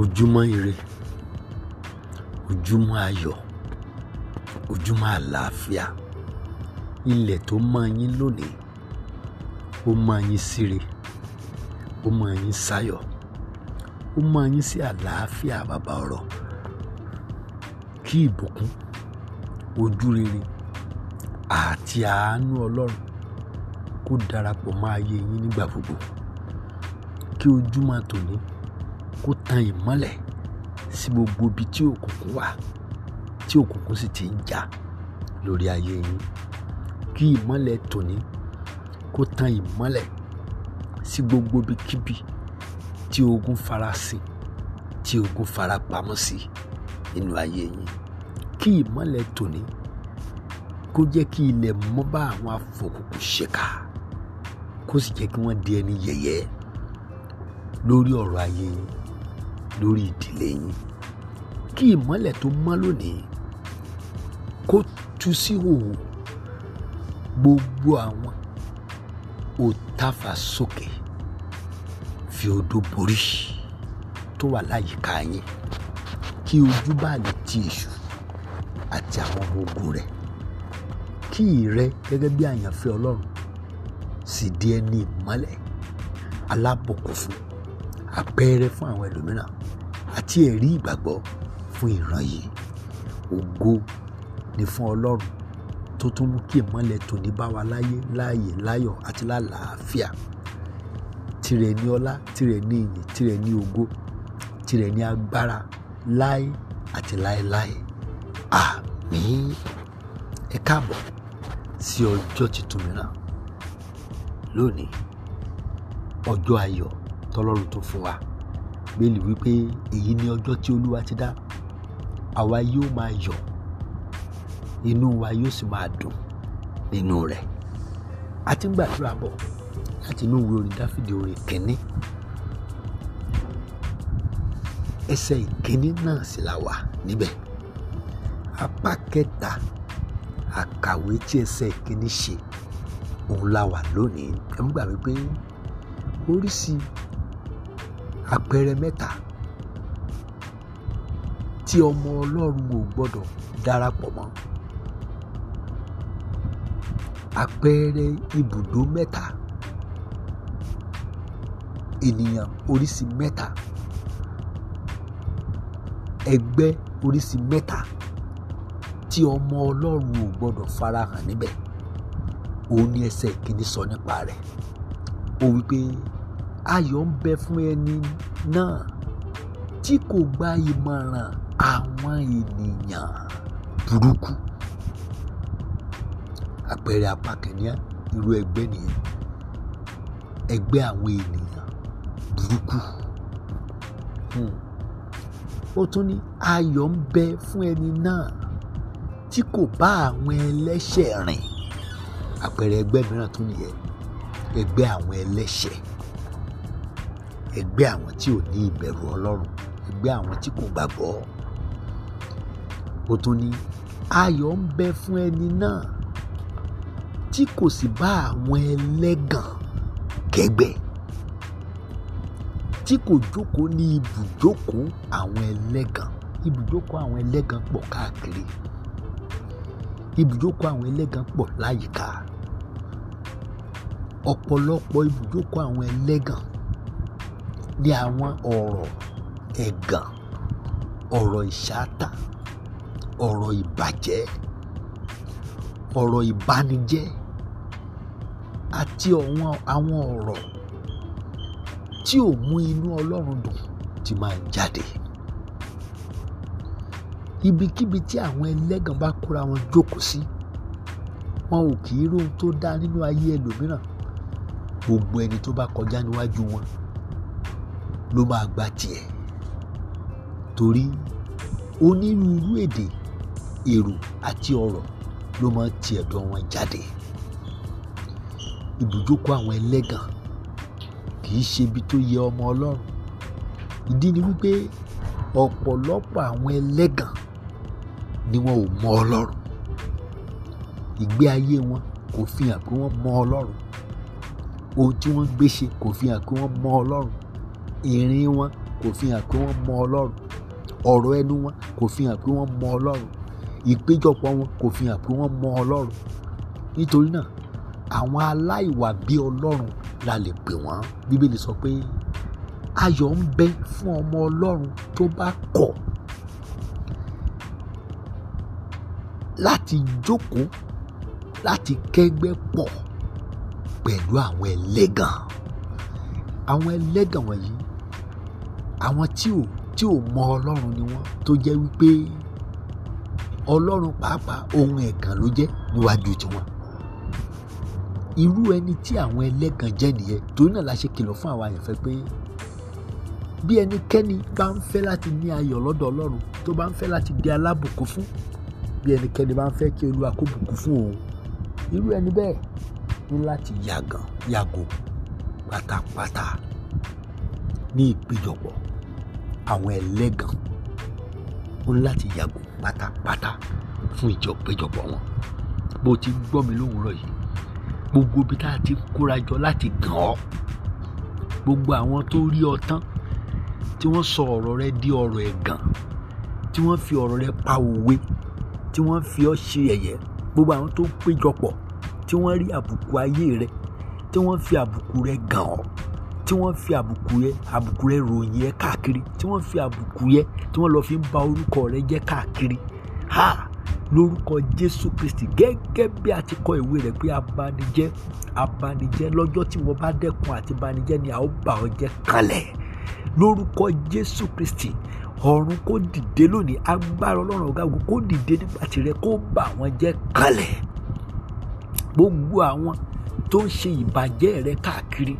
ojúmọ́ ire ojúmọ́ ayọ̀ ojúmọ́ àlàáfíà ilẹ̀ tó mọ́ yín lónìí ó mọ́ yín síre ó mọ́ yín sáyọ̀ ó mọ́ yín sí àlàáfíà bàbá ọ̀rọ̀ kí ìbùkún ojú rere àti àánú ọlọ́run kó darapọ̀ máa yé yín nígbà gbogbo kí ojú máa tò ní kó tan ìmọ́lẹ̀ sí gbogbo ibi tí òkùnkùn wà tí òkùnkùn sì ti ń jà lórí ayé yín kí ìmọ́lẹ̀ tòní kó tan ìmọ́lẹ̀ sí gbogbo ibikíbi tí ogun farasin tí ogun farapamọ́ sí nínú ayé yín kí ìmọ́lẹ̀ tòní kó jẹ́ kí ilẹ̀ mọ́ bá àwọn afọkùnkùn ṣèkà kó sì jẹ́ kí wọ́n di ẹni yẹ̀yẹ́ lórí ọ̀rọ̀ ayé yín lórí ìdílé yín kí ìmọ́lẹ̀ tó mọ́ lónìí kó tú sí òwò gbogbo àwọn òtáfà sókè fi odó borí tó wà láyìíká yín kí ojú bá lè ti èṣù àti àwọn ogun rẹ̀ kí ìrẹ gẹ́gẹ́ bí àyànfẹ́ Ọlọ́run sì di ẹni ìmọ́lẹ̀ alábòkùn fún àpẹẹrẹ fún àwọn ẹlòmíràn àti ẹ̀rí ìgbàgbọ́ fún ìran yìí ògo ni fún ọlọ́run tó tún mú kí ìmọ́lẹ̀ tòní bá wa láyé láàyè láyọ̀ àti lálàáfíà tirẹ̀ ni ọlá tirẹ̀ ni ìyìn tirẹ̀ ni ògo tirẹ̀ ni agbára láé àti láéláé àmín ẹ káàbọ̀ sí ọjọ́ tuntun mìíràn lónìí ọjọ́ ayọ̀ tọ́lọ́run tó fún wa bíbélì wípé èyí ni ọjọ́ tí olúwa ti dá àwa yóò máa yọ̀ inú wa yóò sì máa dùn nínú rẹ̀ a ti ń gbàdúrà bọ̀ láti inú ìwé orin dáfídì orin kìnní ẹsẹ̀ ìkíní náà sì la wà níbẹ̀ apá kẹta àkàwé tí ẹsẹ̀ ìkíní ṣe òun la wà lónìí ẹ mú gbà wípé oríṣi àpẹẹrẹ mẹ́ta tí ọmọ Ọlọ́run ò gbọ́dọ̀ darapọ̀ mọ́ àpẹẹrẹ ibùdó mẹ́ta ènìyàn oríṣi mẹ́ta ẹgbẹ́ oríṣi mẹ́ta tí ọmọ Ọlọ́run ò gbọ́dọ̀ farahàn níbẹ̀ òun ni ẹsẹ̀ kìíní sọ nípa rẹ̀ ó wí ayọ̀ ń bẹ fún ẹni náà tí kò gba ìmọ̀ràn àwọn ènìyàn burúkú àpẹẹrẹ apákẹ́niá irú ẹgbẹ́ nìyẹn ẹgbẹ́ àwọn ènìyàn burúkú hmm. ó tún ní ayọ̀ ń bẹ fún ẹni náà tí kò bá àwọn ẹlẹ́ṣẹ̀ rìn àpẹẹrẹ ẹgbẹ́ mìíràn tún nìyẹn ẹgbẹ́ àwọn ẹlẹ́ṣẹ̀ ẹgbẹ́ àwọn tí ò ní ìbẹ̀rù ọlọ́run ẹgbẹ́ àwọn tí kò gbàgbọ́ ó tún ní ayọ̀ ń bẹ fún ẹni náà tí kò sì bá àwọn ẹlẹ́gàn kẹ́gbẹ́ tí kò jókòó ní ibùjókòó àwọn ẹlẹ́gàn ibùjókòó àwọn ẹlẹ́gàn pọ̀ káàkiri ibùjókòó àwọn ẹlẹ́gàn pọ̀ láyìíká ọ̀pọ̀lọpọ̀ ibùjókòó àwọn ẹlẹ́gàn ní àwọn ọ̀rọ̀ ẹ̀gàn ọ̀rọ̀ ìṣáàtà ọ̀rọ̀ ìbàjẹ́ ọ̀rọ̀ ìbánijẹ́ àti àwọn ọ̀rọ̀ tí ò mú inú Ọlọ́run dùn ti máa ń jáde ibikíbi tí àwọn ẹlẹ́gàn bá kóra wọn jókòó sí wọn ò kì í rí ohun tó dá nínú ayé ẹlòmíràn gbogbo ẹni tó bá kọjá níwájú wọn ló máa gba tiẹ̀ torí onírúurú èdè èrò àti ọ̀rọ̀ ló máa ń ti ẹ̀dọ̀ wọn jáde ibùjókòó àwọn ẹlẹ́gàn kì í ṣe ibi tó yẹ ọmọ ọlọ́run ìdí ni wípé ọ̀pọ̀lọpọ̀ àwọn ẹlẹ́gàn ni wọn ò mọ ọlọ́run ìgbé ayé wọn kò fi hàn pé wọ́n mọ ọlọ́run ohun tí wọ́n gbé ṣe kò fi hàn pé wọ́n mọ ọlọ́run ìrìn wọn kò fi hàn pé wọ́n mọ Ọlọ́run ọ̀rọ̀ ẹnu wọn kò fi hàn pé wọ́n mọ Ọlọ́run ìpéjọpọ̀ wọn kò fi hàn pé wọ́n mọ Ọlọ́run nítorí náà àwọn aláìwà bí Ọlọ́run la lè pè wọ́n Bíbélì sọ pé ayọ̀ ń bẹ fún ọmọ Ọlọ́run tó bá kọ̀ láti jókòó láti kẹ́gbẹ́ pọ̀ pẹ̀lú àwọn ẹlẹ́gàn àwọn ẹlẹ́gàn wọ̀nyí àwọn tí ò tí ò mọ ọlọ́run ni wọ́n tó jẹ́ wípé ọlọ́run pàápàá ohun ẹ̀gàn ló jẹ́ níwájú tiwọn irú ẹni tí àwọn ẹlẹ́gàn jẹ́ nìyẹn torí náà la ṣe kìlọ̀ fún àwa àyànfẹ́ pé bí ẹnikẹ́ni bá ń fẹ́ láti ní ayọ̀ lọ́dọ̀ ọlọ́run tó bá ń fẹ́ láti di alábùkún fún bí ẹnikẹ́ni bá ń fẹ́ kí olúwa kó fún òun irú ẹni bẹ́ẹ̀ ní láti yàgàn yàgò pátápátá ní ìpéjọpọ̀ àwọn ẹlẹ́gàn ó ní láti yàgò pátápátá fún ìjọpéjọpọ̀ wọn bó ti gbọ́ mi lówùúrọ̀ yìí gbogbo ibi tá a ti kóra jọ láti gàn ọ́ gbogbo àwọn tó rí ọ tán tí wọ́n sọ ọ̀rọ̀ rẹ di ọ̀rọ̀ ẹ̀gàn tí wọ́n fi ọ̀rọ̀ rẹ pa òwe tí wọ́n fi ọ́ ṣe ẹ̀yẹ gbogbo àwọn tó péjọpọ̀ tí wọ́n rí àbùkù ayé rẹ tí wọ́n fi àbùkù rẹ gàn ọ́ tí wọ́n fi àbùkù yẹ àbùkù rẹ ròyìn ẹ káàkiri tí wọ́n fi àbùkù yẹ tí wọ́n lọ fi ń ba orúkọ rẹ jẹ́ káàkiri ha lórúkọ Jésù Kristi gẹ́gẹ́ bí a ti kọ ìwé rẹ̀ pé abanijẹ́ abanijẹ́ lọ́jọ́ tí wọ́n bá dẹ́kun àti banijẹ́ ni a ó bà ọ́ jẹ́ kalẹ̀ lórúkọ Jésù Kristi ọ̀run kó dìde lónìí agbára ọlọ́run ọ̀gágun kó dìde nígbà tirẹ̀ kó bà wọ́n jẹ́ kalẹ̀ gbogbo àwọn tó ń ṣe ìbàjẹ́ rẹ káàkiri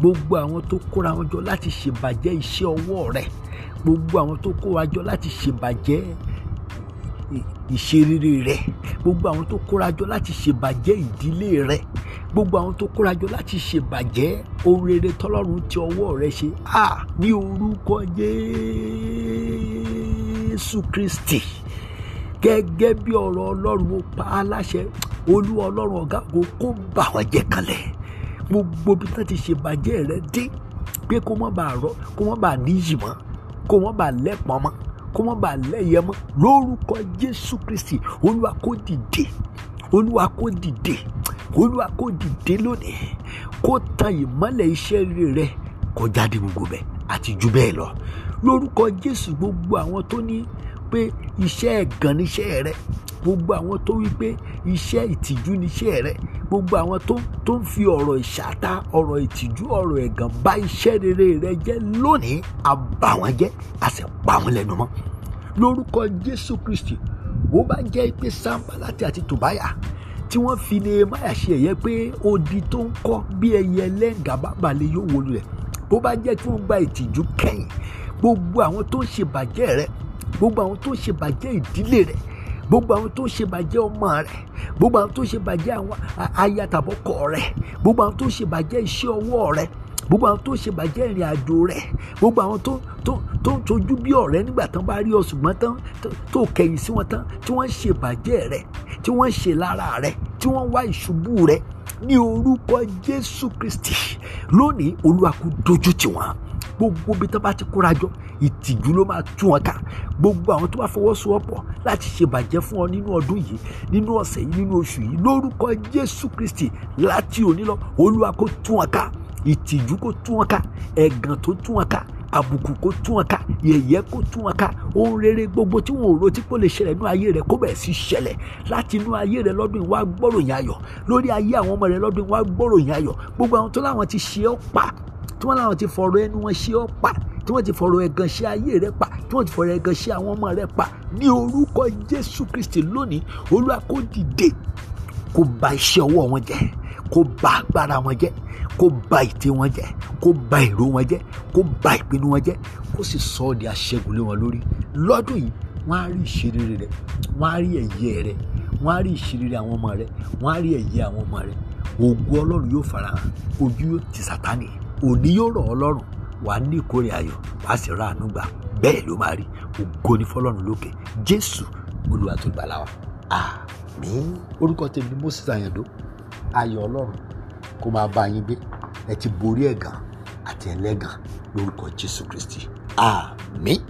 gbogbo àwọn tó kóra wọn jọ láti ṣèbàjẹ́ iṣẹ́ ọwọ́ rẹ gbogbo àwọn tó kóra jọ láti ṣèbàjẹ́ ìṣerere rẹ gbogbo àwọn tó kóra jọ láti ṣèbàjẹ́ ìdílé rẹ gbogbo àwọn tó kóra jọ láti ṣèbàjẹ́ ohun rere tọ́lọ́run ti ọwọ́ rẹ ṣe à ní orúkọ Jésù Kristi gẹ́gẹ́ bí ọ̀rọ̀ Ọlọ́run ó pa á láṣẹ olú Ọlọ́run ọ̀gá kò kó bà wá jẹ́ kalẹ̀ gbogbo bí tán ti ṣe bàjẹ́ rẹ dé pé kó mọ́ bá rọ kó mọ́ bá níyì mọ́ kó mọ́ bá lẹ́pọ̀n mọ́ kó mọ́ bá lẹ́yẹ mọ́ lórúkọ Jésù Kristi olúwa kó dìde olúwa kó dìde olúwa kó dìde lónìí kó tan ìmọ́lẹ̀ iṣẹ́ rere kó jáde gbogbo bẹ́ẹ̀ àti jù bẹ́ẹ̀ lọ lórúkọ Jésù gbogbo àwọn tó ní wípé iṣẹ́ ẹ̀gàn níṣẹ́ rẹ gbogbo àwọn tó wípé iṣẹ́ ìtìjú níṣẹ́ rẹ gbogbo àwọn tó tó ń fi ọ̀rọ̀ ìṣáta ọ̀rọ̀ ìtìjú ọ̀rọ̀ ẹ̀gàn bá iṣẹ́ rere rẹ jẹ́ lónìí a bà wọ́n jẹ́ a sì pa wọ́n lẹ́nu mọ́ lórúkọ Jésù Kristi bó bá jẹ́ pé Sáńbálátì àti Tòbáyà tí wọ́n fi Nehemiah ṣe ẹ̀yẹ pé odi tó ń kọ́ bí ẹyẹ lẹ́ǹgà bàbà lè yóò wọlé rẹ̀ bó bá jẹ́ kí wọ́n gba ìtìjú kẹ́yìn gbogbo àwọn tó ń ṣe bàjẹ́ rẹ̀ gbogbo àwọn tó ń ṣe bàjẹ́ ìdílé rẹ̀ gbogbo àwọn tó ń ṣe bàjẹ́ ọmọ rẹ̀ gbogbo àwọn tó ń ṣe bàjẹ́ àwọn aya tàbọ́kọ rẹ̀ gbogbo àwọn tó ń ṣe bàjẹ́ iṣẹ́ ọwọ́ rẹ̀ gbogbo àwọn tó ń ṣe bàjẹ́ ìrìn àjò rẹ̀ gbogbo àwọn tó ń tojú bí ọ̀rẹ́ nígbà tán bá rí ọ ṣùgbọ́n tán tó kẹ̀yìn sí wọn tán tí wọ́n ń ṣe bàjẹ́ rẹ̀ tí wọ́n ń ṣe lára rẹ̀ tí wọ́n wá ìṣubú rẹ̀ ní orúkọ Jésù Kristi lónìí Olúwa kó dojú tì gbogbo bí tó bá ti kóra jọ ìtìjú ló máa tú wọn ká gbogbo àwọn tó bá fọwọ́sowọ́pọ̀ láti ṣe bàjẹ́ fún ọ nínú ọdún yìí nínú ọ̀sẹ̀ yìí nínú oṣù yìí lórúkọ Jésù Kristi láti òní lọ Olúwa kó tú wọn ká ìtìjú kó tú wọn ká ẹ̀gàn tó tú wọn ká àbùkù kó tún wọn ká yẹ̀yẹ́ kó tún wọn ká ohun rere gbogbo tí wọn ò rò tí kò lè ṣẹlẹ̀ nínú ayé rẹ kó bẹ̀rẹ̀ sí ṣẹlẹ̀ láti inú ayé rẹ lọ́dún ìwà gbọ́ròyìn ayọ̀ lórí ayé àwọn ọmọ rẹ lọ́dún ìwà gbọ́ròyìn ayọ̀ gbogbo àwọn tó láwọn ti ṣe ọ́ pa tí wọ́n láwọn ti fọ̀rọ̀ ẹnu wọn ṣe ọ́ pa tí wọ́n ti fọ̀rọ̀ ẹ̀gàn ṣe ayé rẹ pa tí wọ́n ti fọ̀rọ̀ ẹ̀gàn ṣe àwọn ọmọ rẹ pa ní orúkọ Jésù Kristi lónìí Olúwa kó dìde kó bà iṣẹ́ ọwọ́ wọn jẹ́ kó bà agbára wọn jẹ́ kó bà ète wọn jẹ́ kó bà èrò wọn jẹ́ kó bà ìpinnu wọn jẹ́ kó sì sọ ọ́ di aṣẹ́gun wọn lórí lọ́dún yìí wọ́n á rí ìṣeré rẹ wọ́n á rí ẹ̀yẹ rẹ wọ́n á rí ìṣeré àwọn ọmọ rẹ wọ́n á rí ẹ̀yẹ àwọn ọmọ rẹ ògo Ọlọ́run yóò farahàn ojú yóò ti Sátánì òní yóò rọ̀ ọ́ lọ́rùn wàá ní ìkórè ayọ̀ wàá sì ra àánú gbà bẹ́ẹ̀ ló máa rí ògo ní fọlọ́run lókè jésù olúwa tó gbàlà wa àmín. orúkọ tèmi ni moses ayando ayọ̀ ọlọ́run kó máa bá yín gbé ẹ ti borí ẹ̀gàn àti ẹlẹ́gàn lórúkọ jésù kristi àmín.